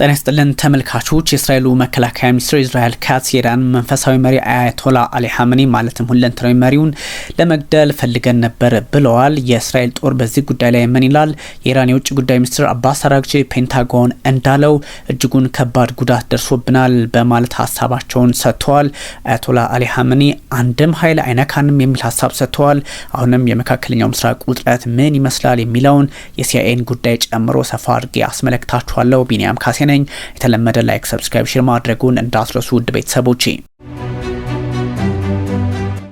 ጤና ይስጥልን ተመልካቾች። የእስራኤሉ መከላከያ ሚኒስትር እስራኤል ካትዝ የኢራን መንፈሳዊ መሪ አያቶላ አሊ ሐመኒ ማለትም ሁለንተናዊ መሪውን ለመግደል ፈልገን ነበር ብለዋል። የእስራኤል ጦር በዚህ ጉዳይ ላይ ምን ይላል? የኢራን የውጭ ጉዳይ ሚኒስትር አባስ አራግቺ ፔንታጎን እንዳለው እጅጉን ከባድ ጉዳት ደርሶብናል በማለት ሀሳባቸውን ሰጥተዋል። አያቶላ አሊ ሐመኒ አንድም ኃይል አይነካንም የሚል ሀሳብ ሰጥተዋል። አሁንም የመካከለኛው ምስራቅ ውጥረት ምን ይመስላል የሚለውን የሲአይኤን ጉዳይ ጨምሮ ሰፋ አድርጌ አስመለክታችኋለሁ። ቢኒያም ካሴ ነኝ። የተለመደ ላይክ፣ ሰብስክራይብ፣ ሽር ማድረጉን እንዳስረሱ ውድ ቤተሰቦቼ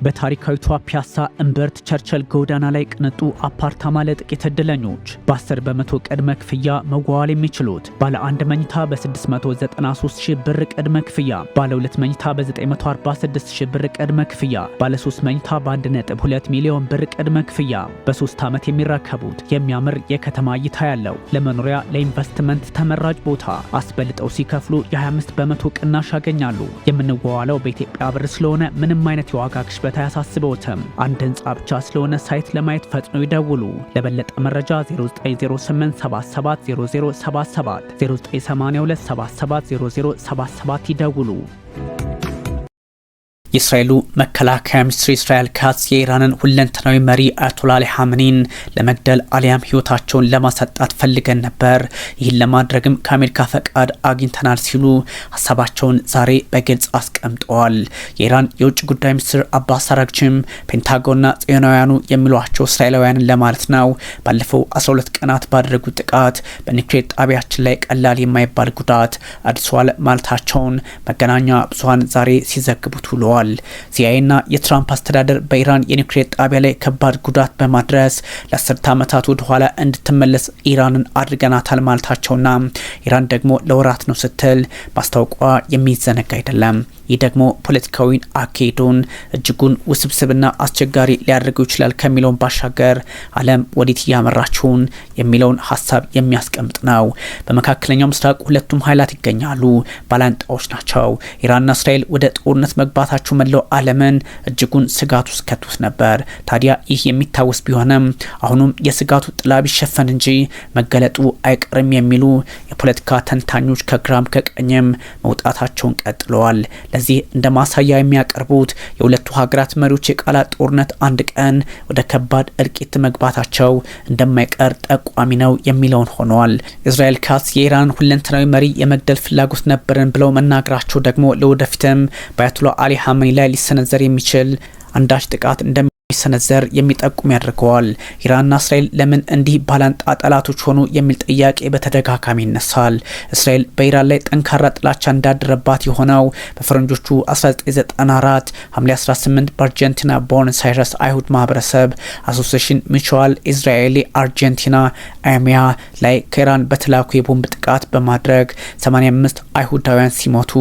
በታሪካዊቷ ፒያሳ እምበርት ቸርችል ጎዳና ላይ ቅንጡ አፓርታማ ለጥቂት እድለኞች በ10 በመቶ ቅድመ ክፍያ መዋዋል የሚችሉት ባለ አንድ መኝታ በ693 ሺህ ብር ቅድመ ክፍያ፣ ባለ ሁለት መኝታ በ946 ሺህ ብር ቅድመ ክፍያ፣ ባለ ሶስት መኝታ በ1.2 ሚሊዮን ብር ቅድመ ክፍያ በሶስት ዓመት የሚረከቡት የሚያምር የከተማ እይታ ያለው ለመኖሪያ ለኢንቨስትመንት ተመራጭ ቦታ አስበልጠው ሲከፍሉ የ25 በመቶ ቅናሽ ያገኛሉ። የምንዋዋለው በኢትዮጵያ ብር ስለሆነ ምንም አይነት የዋጋ ግሽበት ጉዳት አያሳስበውትም። አንድ ህንፃ ብቻ ስለሆነ ሳይት ለማየት ፈጥኖ ይደውሉ። ለበለጠ መረጃ 0908770077 0982770077 ይደውሉ። የእስራኤሉ መከላከያ ሚኒስትር እስራኤል ካትስ የኢራንን ሁለንተናዊ መሪ አያቶላ ሐምኒን ለመግደል አሊያም ህይወታቸውን ለማሳጣት ፈልገን ነበር፣ ይህን ለማድረግም ከአሜሪካ ፈቃድ አግኝተናል ሲሉ ሀሳባቸውን ዛሬ በግልጽ አስቀምጠዋል። የኢራን የውጭ ጉዳይ ሚኒስትር አባስ አራግቺም ፔንታጎንና ጽዮናውያኑ የሚሏቸው እስራኤላውያንን ለማለት ነው ባለፈው 12 ቀናት ባደረጉት ጥቃት በኒውክሌር ጣቢያችን ላይ ቀላል የማይባል ጉዳት አድርሷል ማለታቸውን መገናኛ ብዙሀን ዛሬ ሲዘግቡት ውለዋል። ገልጸዋል። ሲአይኤና የትራምፕ አስተዳደር በኢራን የኒውክሌር ጣቢያ ላይ ከባድ ጉዳት በማድረስ ለአስርተ ዓመታት ወደ ኋላ እንድትመለስ ኢራንን አድርገናታል ማለታቸውና ኢራን ደግሞ ለወራት ነው ስትል ማስታወቋ የሚዘነጋ አይደለም። ይህ ደግሞ ፖለቲካዊን አካሄዱን እጅጉን ውስብስብና አስቸጋሪ ሊያደርገው ይችላል ከሚለውን ባሻገር ዓለም ወዴት እያመራችውን የሚለውን ሀሳብ የሚያስቀምጥ ነው። በመካከለኛው ምስራቅ ሁለቱም ኃይላት ይገኛሉ፣ ባላንጣዎች ናቸው። ኢራንና እስራኤል ወደ ጦርነት መግባታቸው መላው ዓለምን እጅጉን ስጋት ውስጥ ከቶት ነበር። ታዲያ ይህ የሚታወስ ቢሆንም አሁኑም የስጋቱ ጥላ ቢሸፈን እንጂ መገለጡ አይቀርም የሚሉ የፖለቲካ ተንታኞች ከግራም ከቀኝም መውጣታቸውን ቀጥለዋል። ለዚህ እንደ ማሳያ የሚያቀርቡት የሁለቱ ሀገራት መሪዎች የቃላት ጦርነት አንድ ቀን ወደ ከባድ እልቂት መግባታቸው እንደማይቀር ጠቋሚ ነው የሚለውን ሆነዋል። እስራኤል ካስ የኢራን ሁለንተናዊ መሪ የመግደል ፍላጎት ነበረን ብለው መናገራቸው ደግሞ ለወደፊትም በአያቶላ አሊ ሀም በጀርመኒ ላይ ሊሰነዘር የሚችል አንዳች ጥቃት እንደሚ እንደሚሰነዘር የሚጠቁም ያደርገዋል። ኢራንና እስራኤል ለምን እንዲህ ባላንጣ ጠላቶች ሆኑ የሚል ጥያቄ በተደጋጋሚ ይነሳል። እስራኤል በኢራን ላይ ጠንካራ ጥላቻ እንዳደረባት የሆነው በፈረንጆቹ 1994 ሐምሌ 18 በአርጀንቲና ቦነስ አይሁድ ማህበረሰብ አሶሴሽን ሚቹዋል ኢዝራኤሊ አርጀንቲና አሚያ ላይ ከኢራን በተላኩ የቦምብ ጥቃት በማድረግ 85 አይሁዳውያን ሲሞቱ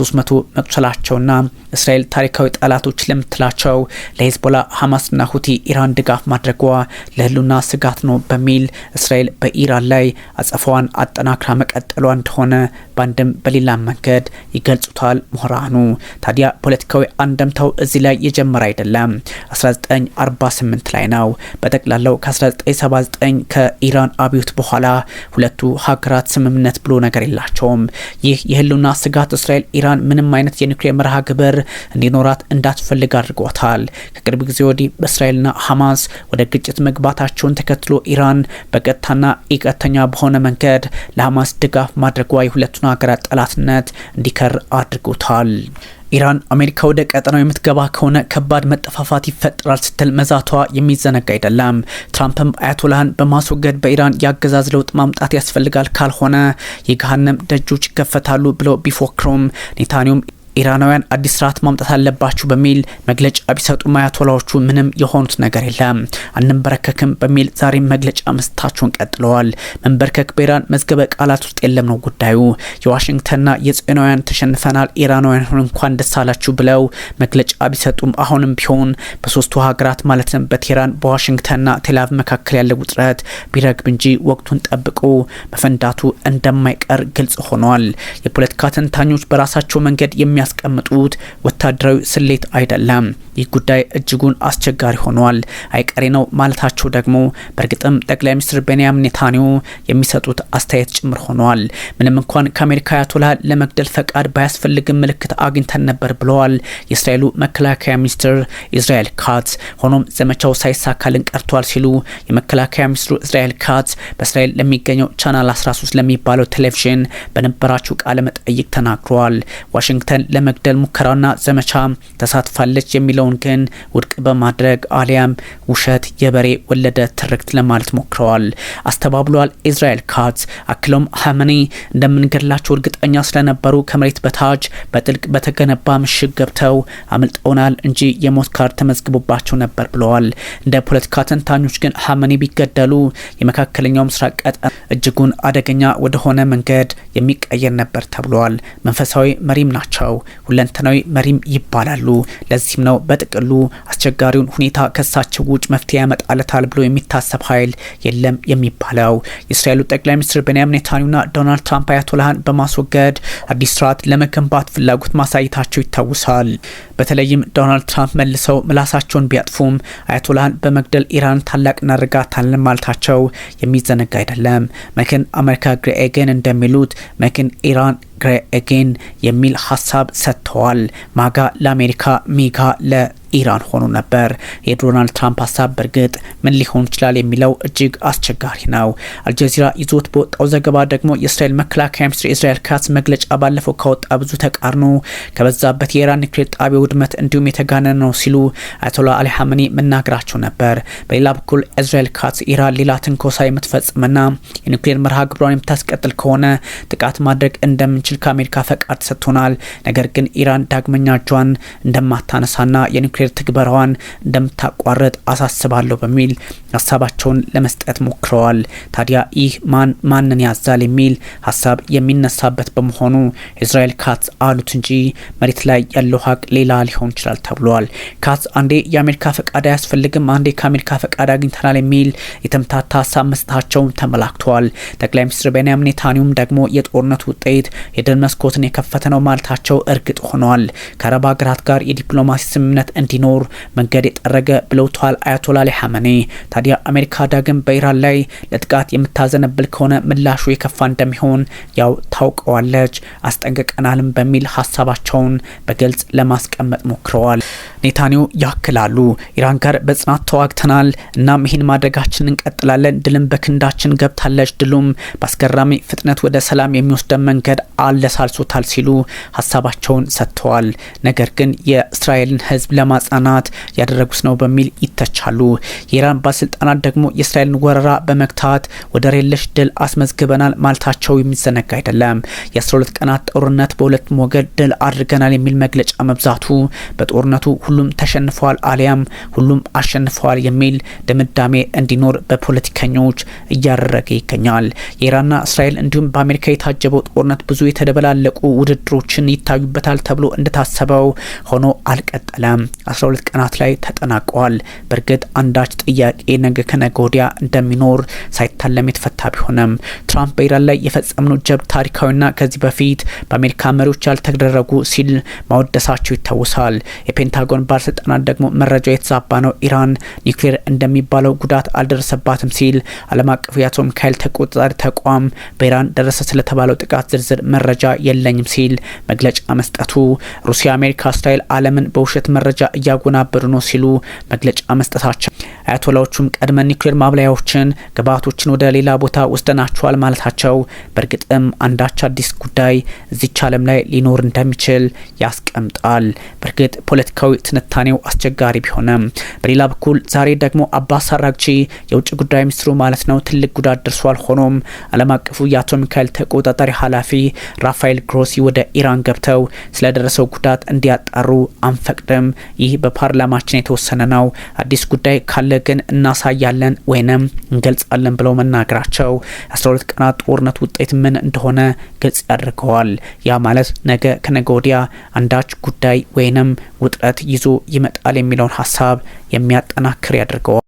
300 መቁሰላቸውና እስራኤል ታሪካዊ ጠላቶች ለምትላቸው ለሂዝቦላ ሐማስና ሁቲ ኢራን ድጋፍ ማድረጓ ለህልውና ስጋት ነው በሚል እስራኤል በኢራን ላይ አጸፋዋን አጠናክራ መቀጠሏ እንደሆነ በአንድም በሌላ መንገድ ይገልጹታል ምሁራኑ። ታዲያ ፖለቲካዊ አንደምታው እዚህ ላይ የጀመረ አይደለም። 1948 ላይ ነው። በጠቅላላው ከ1979 ከኢራን አብዮት በኋላ ሁለቱ ሀገራት ስምምነት ብሎ ነገር የላቸውም። ይህ የህልውና ስጋት እስራኤል ኢራን ምንም አይነት የኒውክሌር መርሃ ግብር እንዲኖራት እንዳትፈልግ አድርጓታል። ከቅርብ ጊዜ ወዲህ ሳውዲ በእስራኤልና ሐማስ ወደ ግጭት መግባታቸውን ተከትሎ ኢራን በቀጥታና ኢቀጥተኛ በሆነ መንገድ ለሐማስ ድጋፍ ማድረጓ የሁለቱን ሀገራት ጠላትነት እንዲከር አድርጎታል። ኢራን አሜሪካ ወደ ቀጠናው የምትገባ ከሆነ ከባድ መጠፋፋት ይፈጠራል ስትል መዛቷ የሚዘነጋ አይደለም። ትራምፕም አያቶላህን በማስወገድ በኢራን የአገዛዝ ለውጥ ማምጣት ያስፈልጋል፣ ካልሆነ የገሃነም ደጆች ይከፈታሉ ብለው ቢፎክሩም ኔታንያሁም ኢራናውያን አዲስ ስርዓት ማምጣት አለባችሁ በሚል መግለጫ ቢሰጡ አያቶላዎቹ ምንም የሆኑት ነገር የለም አንንበረከክም በሚል ዛሬም መግለጫ መስጠታቸውን ቀጥለዋል። መንበርከክ በኢራን መዝገበ ቃላት ውስጥ የለም ነው ጉዳዩ። የዋሽንግተንና የጽዮናውያን ተሸንፈናል ኢራናውያን ሁን እንኳን ደስ አላችሁ ብለው መግለጫ ቢሰጡም አሁንም ቢሆን በሶስቱ ሀገራት ማለትም በቴህራን በዋሽንግተንና ቴላቭ መካከል ያለ ውጥረት ቢረግብ እንጂ ወቅቱን ጠብቆ መፈንዳቱ እንደማይቀር ግልጽ ሆኗል። የፖለቲካ ተንታኞች በራሳቸው መንገድ የሚያ የሚያስቀምጡት ወታደራዊ ስሌት አይደለም። ይህ ጉዳይ እጅጉን አስቸጋሪ ሆኗል። አይቀሬ ነው ማለታቸው ደግሞ በእርግጥም ጠቅላይ ሚኒስትር ቤንያሚን ኔታንያሁ የሚሰጡት አስተያየት ጭምር ሆኗል። ምንም እንኳን ከአሜሪካ አያቶላ ለመግደል ፈቃድ ባያስፈልግም ምልክት አግኝተን ነበር ብለዋል የእስራኤሉ መከላከያ ሚኒስትር ኢስራኤል ካት ሆኖም ዘመቻው ሳይሳካልን ቀርቷል ሲሉ የመከላከያ ሚኒስትሩ ኢስራኤል ካት በእስራኤል ለሚገኘው ቻናል 13 ለሚባለው ቴሌቪዥን በነበራቸው ቃለ መጠይቅ ተናግረዋል። ዋሽንግተን ለመግደል ሙከራና ዘመቻ ተሳትፋለች የሚለውን ግን ውድቅ በማድረግ አሊያም ውሸት የበሬ ወለደ ትርክት ለማለት ሞክረዋል አስተባብሏል ኢዝራኤል ካት አክሎም ሀመኔ እንደምንገድላቸው እርግጠኛ ስለነበሩ ከመሬት በታች በጥልቅ በተገነባ ምሽግ ገብተው አምልጠውናል እንጂ የሞት ካርድ ተመዝግቦባቸው ነበር ብለዋል። እንደ ፖለቲካ ተንታኞች ግን ሀመኔ ቢገደሉ የመካከለኛው ምስራቅ ቀጠና እጅጉን አደገኛ ወደሆነ መንገድ የሚቀየር ነበር ተብሏል። መንፈሳዊ መሪም ናቸው። ሁለንተናዊ መሪም ይባላሉ። ለዚህም ነው በጥቅሉ አስቸጋሪውን ሁኔታ ከሳቸው ውጭ መፍትሄ ያመጣለታል ብሎ የሚታሰብ ኃይል የለም የሚባለው። የእስራኤሉ ጠቅላይ ሚኒስትር ቤንያሚን ኔታንያሁና ዶናልድ ትራምፕ አያቶላህን በማስወገድ አዲስ ስርዓት ለመገንባት ፍላጎት ማሳየታቸው ይታወሳል። በተለይም ዶናልድ ትራምፕ መልሰው ምላሳቸውን ቢያጥፉም አያቶላህን በመግደል ኢራን ታላቅ እናደርጋታለን ማለታቸው የሚዘነጋ አይደለም። መክን አሜሪካ ግሬኤገን እንደሚሉት መክን ኢራን ኒግሬ ኤጌን የሚል ሀሳብ ሰጥተዋል። ማጋ ለአሜሪካ ሚጋ ለ ኢራን ሆኖ ነበር። የዶናልድ ትራምፕ ሀሳብ በእርግጥ ምን ሊሆን ይችላል የሚለው እጅግ አስቸጋሪ ነው። አልጀዚራ ይዞት በወጣው ዘገባ ደግሞ የእስራኤል መከላከያ ሚኒስትር የእስራኤል ካስ መግለጫ ባለፈው ካወጣ ብዙ ተቃርኖ ከበዛበት የኢራን ኒውክሌር ጣቢያ ውድመት እንዲሁም የተጋነነ ነው ሲሉ አያቶላ አሊ ሀመኒ መናገራቸው ነበር። በሌላ በኩል እስራኤል ካስ ኢራን ሌላ ትንኮሳ የምትፈጽምና የኒክሌር መርሃ ግብሯን የምታስቀጥል ከሆነ ጥቃት ማድረግ እንደምንችል ከአሜሪካ ፈቃድ ሰጥቶናል፣ ነገር ግን ኢራን ዳግመኛ እጇን እንደማታነሳና የኒውክሌር ሚኒስቴር ትግበራዋን እንደምታቋረጥ አሳስባለሁ በሚል ሀሳባቸውን ለመስጠት ሞክረዋል። ታዲያ ይህ ማን ማንን ያዛል የሚል ሀሳብ የሚነሳበት በመሆኑ እስራኤል ካትስ አሉት እንጂ መሬት ላይ ያለው ሀቅ ሌላ ሊሆን ይችላል ተብሏል። ካትስ አንዴ የአሜሪካ ፈቃድ አያስፈልግም፣ አንዴ ከአሜሪካ ፈቃድ አግኝተናል የሚል የተምታታ ሀሳብ መስጠታቸውም ተመላክተዋል። ጠቅላይ ሚኒስትር ቤንያሚን ኔታንያሁም ደግሞ የጦርነት ውጤት የደን መስኮትን የከፈተ ነው ማለታቸው እርግጥ ሆነዋል። ከአረብ ሀገራት ጋር የዲፕሎማሲ ስምምነት እንዲ እንዲኖር መንገድ የጠረገ ብለውተዋል አያቶላ አሊ ሐመኔ። ታዲያ አሜሪካ ዳግም በኢራን ላይ ለጥቃት የምታዘነብል ከሆነ ምላሹ የከፋ እንደሚሆን ያው ታውቀዋለች፣ አስጠንቅቀናልም በሚል ሀሳባቸውን በግልጽ ለማስቀመጥ ሞክረዋል። ኔታኒው ያክላሉ። ኢራን ጋር በጽናት ተዋግተናል፣ እናም ይህን ማድረጋችን እንቀጥላለን። ድልም በክንዳችን ገብታለች። ድሉም በአስገራሚ ፍጥነት ወደ ሰላም የሚወስደን መንገድ አለሳልሶታል ሲሉ ሀሳባቸውን ሰጥተዋል። ነገር ግን የእስራኤልን ህዝብ ለማጽናናት ያደረጉት ነው በሚል ይተቻሉ። የኢራን ባለስልጣናት ደግሞ የእስራኤልን ወረራ በመግታት ወደር የለሽ ድል አስመዝግበናል ማለታቸው የሚዘነጋ አይደለም። የ12 ቀናት ጦርነት በሁለቱም ወገን ድል አድርገናል የሚል መግለጫ መብዛቱ በጦርነቱ ሁሉም ተሸንፈዋል አሊያም ሁሉም አሸንፈዋል የሚል ድምዳሜ እንዲኖር በፖለቲከኞች እያደረገ ይገኛል። የኢራንና እስራኤል እንዲሁም በአሜሪካ የታጀበው ጦርነት ብዙ የተደበላለቁ ውድድሮችን ይታዩበታል ተብሎ እንደታሰበው ሆኖ አልቀጠለም። አስራ ሁለት ቀናት ላይ ተጠናቀዋል። በእርግጥ አንዳች ጥያቄ ነገ ከነገ ወዲያ እንደሚኖር ሳይታለም የተፈታ ቢሆንም ትራምፕ በኢራን ላይ የፈጸምነው ጀብ ታሪካዊና ከዚህ በፊት በአሜሪካ መሪዎች ያልተደረጉ ሲል ማወደሳቸው ይታወሳል። የፔንታጎን ባለስልጣናት ደግሞ መረጃው የተዛባ ነው፣ ኢራን ኒውክሌር እንደሚባለው ጉዳት አልደረሰባትም ሲል ዓለም አቀፉ የአቶም ካይል ተቆጣጣሪ ተቋም በኢራን ደረሰ ስለተባለው ጥቃት ዝርዝር መረጃ የለኝም ሲል መግለጫ መስጠቱ፣ ሩሲያ አሜሪካ ስታይል ዓለምን በውሸት መረጃ እያጎናበዱ ነው ሲሉ መግለጫ መስጠታቸው፣ አያቶላዎቹም ቀድመ ኒውክሌር ማብላያዎችን ግብዓቶችን ወደ ሌላ ቦታ ወስደናቸዋል ማለታቸው በእርግጥም አንዳች አዲስ ጉዳይ እዚች ዓለም ላይ ሊኖር እንደሚችል ያስቀምጣል። በእርግጥ ፖለቲካዊ ትንታኔው አስቸጋሪ ቢሆንም፣ በሌላ በኩል ዛሬ ደግሞ አባስ አራግቺ የውጭ ጉዳይ ሚኒስትሩ ማለት ነው ትልቅ ጉዳት ደርሷል። ሆኖም ዓለም አቀፉ የአቶ ሚካኤል ተቆጣጣሪ ኃላፊ ራፋኤል ግሮሲ ወደ ኢራን ገብተው ስለደረሰው ጉዳት እንዲያጣሩ አንፈቅድም፣ ይህ በፓርላማችን የተወሰነ ነው፣ አዲስ ጉዳይ ካለ ግን እናሳያለን ወይንም እንገልጻለን ብለው መናገራቸው 12 ቀናት ጦርነት ውጤት ምን እንደሆነ ግልጽ ያደርገዋል። ያ ማለት ነገ ከነገ ወዲያ አንዳች ጉዳይ ወይንም ውጥረት ይዞ ይመጣል የሚለውን ሀሳብ የሚያጠናክር ያደርገዋል።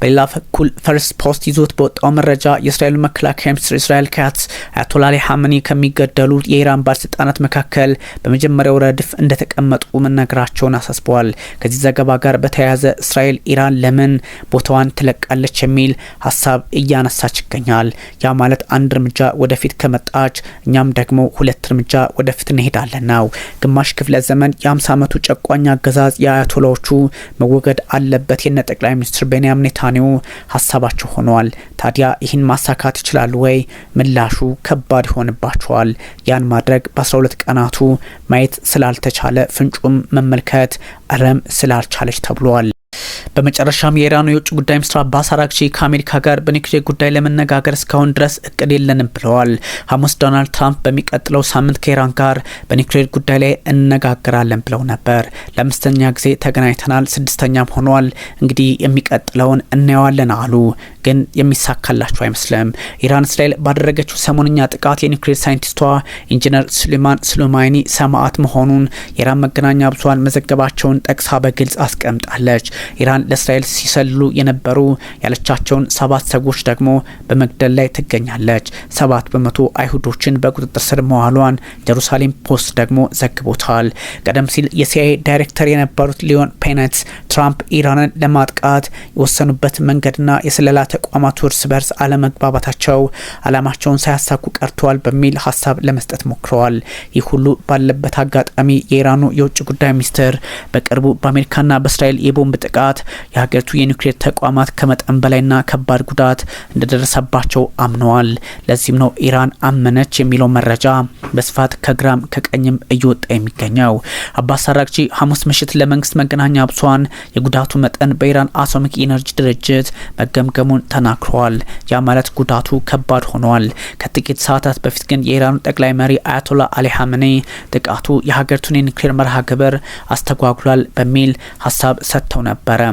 በሌላ በኩል ፈርስት ፖስት ይዞት በወጣው መረጃ የእስራኤሉ መከላከያ ሚኒስትር እስራኤል ካትስ አያቶላ ሐመኒ ከሚገደሉ የኢራን ባለስልጣናት መካከል በመጀመሪያው ረድፍ እንደተቀመጡ መናገራቸውን አሳስበዋል። ከዚህ ዘገባ ጋር በተያያዘ እስራኤል ኢራን ለምን ቦታዋን ትለቃለች የሚል ሀሳብ እያነሳች ይገኛል። ያ ማለት አንድ እርምጃ ወደፊት ከመጣች እኛም ደግሞ ሁለት እርምጃ ወደፊት እንሄዳለን ነው። ግማሽ ክፍለ ዘመን የ50 ዓመቱ ጨቋኝ አገዛዝ የአያቶላዎቹ መወገድ አለበት የነ ጠቅላይ ሚኒስትር ቤንያሚን ኔታ ውሳኔው ሀሳባቸው ሆነዋል። ታዲያ ይህን ማሳካት ይችላሉ ወይ? ምላሹ ከባድ ይሆንባቸዋል። ያን ማድረግ በ12 ቀናቱ ማየት ስላልተቻለ ፍንጩም መመልከት ረም ስላልቻለች ተብሏል። በመጨረሻም የኢራኑ የውጭ ጉዳይ ሚኒስትር አባስ አራግቺ ከአሜሪካ ጋር በኒውክሌር ጉዳይ ለመነጋገር እስካሁን ድረስ እቅድ የለንም ብለዋል። ሐሙስ ዶናልድ ትራምፕ በሚቀጥለው ሳምንት ከኢራን ጋር በኒውክሌር ጉዳይ ላይ እነጋገራለን ብለው ነበር። ለአምስተኛ ጊዜ ተገናኝተናል፣ ስድስተኛም ሆኗል። እንግዲህ የሚቀጥለውን እናየዋለን አሉ። ግን የሚሳካላቸው አይመስልም። ኢራን እስራኤል ባደረገችው ሰሞንኛ ጥቃት የኒክሌር ሳይንቲስቷ ኢንጂነር ሱሌማን ሱሌማኒ ሰማዕት መሆኑን የኢራን መገናኛ ብዙኃን መዘገባቸውን ጠቅሳ በግልጽ አስቀምጣለች። ኢራን ለእስራኤል ሲሰልሉ የነበሩ ያለቻቸውን ሰባት ሰዎች ደግሞ በመግደል ላይ ትገኛለች። ሰባት በመቶ አይሁዶችን በቁጥጥር ስር መዋሏን ጀሩሳሌም ፖስት ደግሞ ዘግቦታል። ቀደም ሲል የሲአይኤ ዳይሬክተር የነበሩት ሊዮን ፔነት ትራምፕ ኢራንን ለማጥቃት የወሰኑበት መንገድና የስለላ ተቋማቱ እርስ በርስ አለመግባባታቸው ዓላማቸውን ሳያሳኩ ቀርተዋል በሚል ሀሳብ ለመስጠት ሞክረዋል። ይህ ሁሉ ባለበት አጋጣሚ የኢራኑ የውጭ ጉዳይ ሚኒስትር በቅርቡ በአሜሪካና በእስራኤል የቦምብ ጥቃት የሀገሪቱ የኒውክሌር ተቋማት ከመጠን በላይና ከባድ ጉዳት እንደደረሰባቸው አምነዋል። ለዚህም ነው ኢራን አመነች የሚለው መረጃ በስፋት ከግራም ከቀኝም እየወጣ የሚገኘው። አባስ አራግቺ ሐሙስ ምሽት ለመንግስት መገናኛ ብዙኃን የጉዳቱ መጠን በኢራን አቶሚክ ኢነርጂ ድርጅት መገምገሙን ተናግረዋል። ያ ማለት ጉዳቱ ከባድ ሆኗል። ከጥቂት ሰዓታት በፊት ግን የኢራኑ ጠቅላይ መሪ አያቶላ አሊ ሀምኔ ጥቃቱ የሀገሪቱን የኒውክሌር መርሃ ግብር አስተጓጉሏል በሚል ሀሳብ ሰጥተው ነበረ።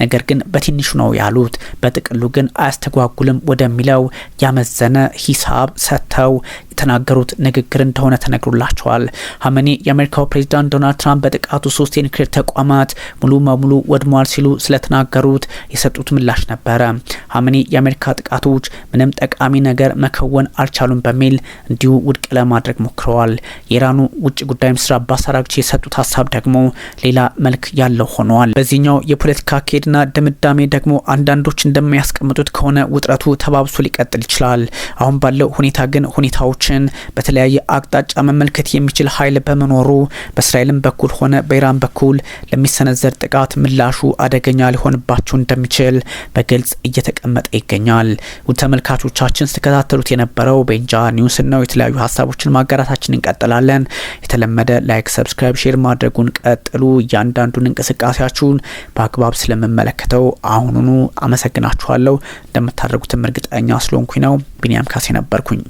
ነገር ግን በትንሹ ነው ያሉት። በጥቅሉ ግን አያስተጓጉልም ወደሚለው ያመዘነ ሂሳብ ሰጥተው የተናገሩት ንግግር እንደሆነ ተነግሮላቸዋል። ሀመኔ የአሜሪካው ፕሬዚዳንት ዶናልድ ትራምፕ በጥቃቱ ሶስት የኒውክሌር ተቋማት ሙሉ በሙሉ ወድመዋል ሲሉ ስለተናገሩት የሰጡት ምላሽ ነበረ። ሀመኔ የአሜሪካ ጥቃቶች ምንም ጠቃሚ ነገር መከወን አልቻሉም በሚል እንዲሁ ውድቅ ለማድረግ ሞክረዋል። የኢራኑ ውጭ ጉዳይ ሚኒስትር አባስ አራግቺ የሰጡት ሀሳብ ደግሞ ሌላ መልክ ያለው ሆነዋል። በዚህኛው የፖለቲካ ኬ አካሄድና ድምዳሜ ደግሞ አንዳንዶች እንደሚያስቀምጡት ከሆነ ውጥረቱ ተባብሶ ሊቀጥል ይችላል። አሁን ባለው ሁኔታ ግን ሁኔታዎችን በተለያየ አቅጣጫ መመልከት የሚችል ኃይል በመኖሩ በእስራኤልም በኩል ሆነ በኢራን በኩል ለሚሰነዘር ጥቃት ምላሹ አደገኛ ሊሆንባቸው እንደሚችል በግልጽ እየተቀመጠ ይገኛል። ውድ ተመልካቾቻችን ስተከታተሉት የነበረው ቤንጃ ኒውስ ነው። የተለያዩ ሀሳቦችን ማጋራታችን እንቀጥላለን። የተለመደ ላይክ፣ ሰብስክራይብ፣ ሼር ማድረጉን ቀጥሉ። እያንዳንዱን እንቅስቃሴያችሁን በአግባብ ስለመ የምመለከተው አሁኑኑ። አመሰግናችኋለሁ። እንደምታደርጉትም እርግጠኛ ስለሆንኩኝ ነው። ቢኒያም ካሴ ነበርኩኝ።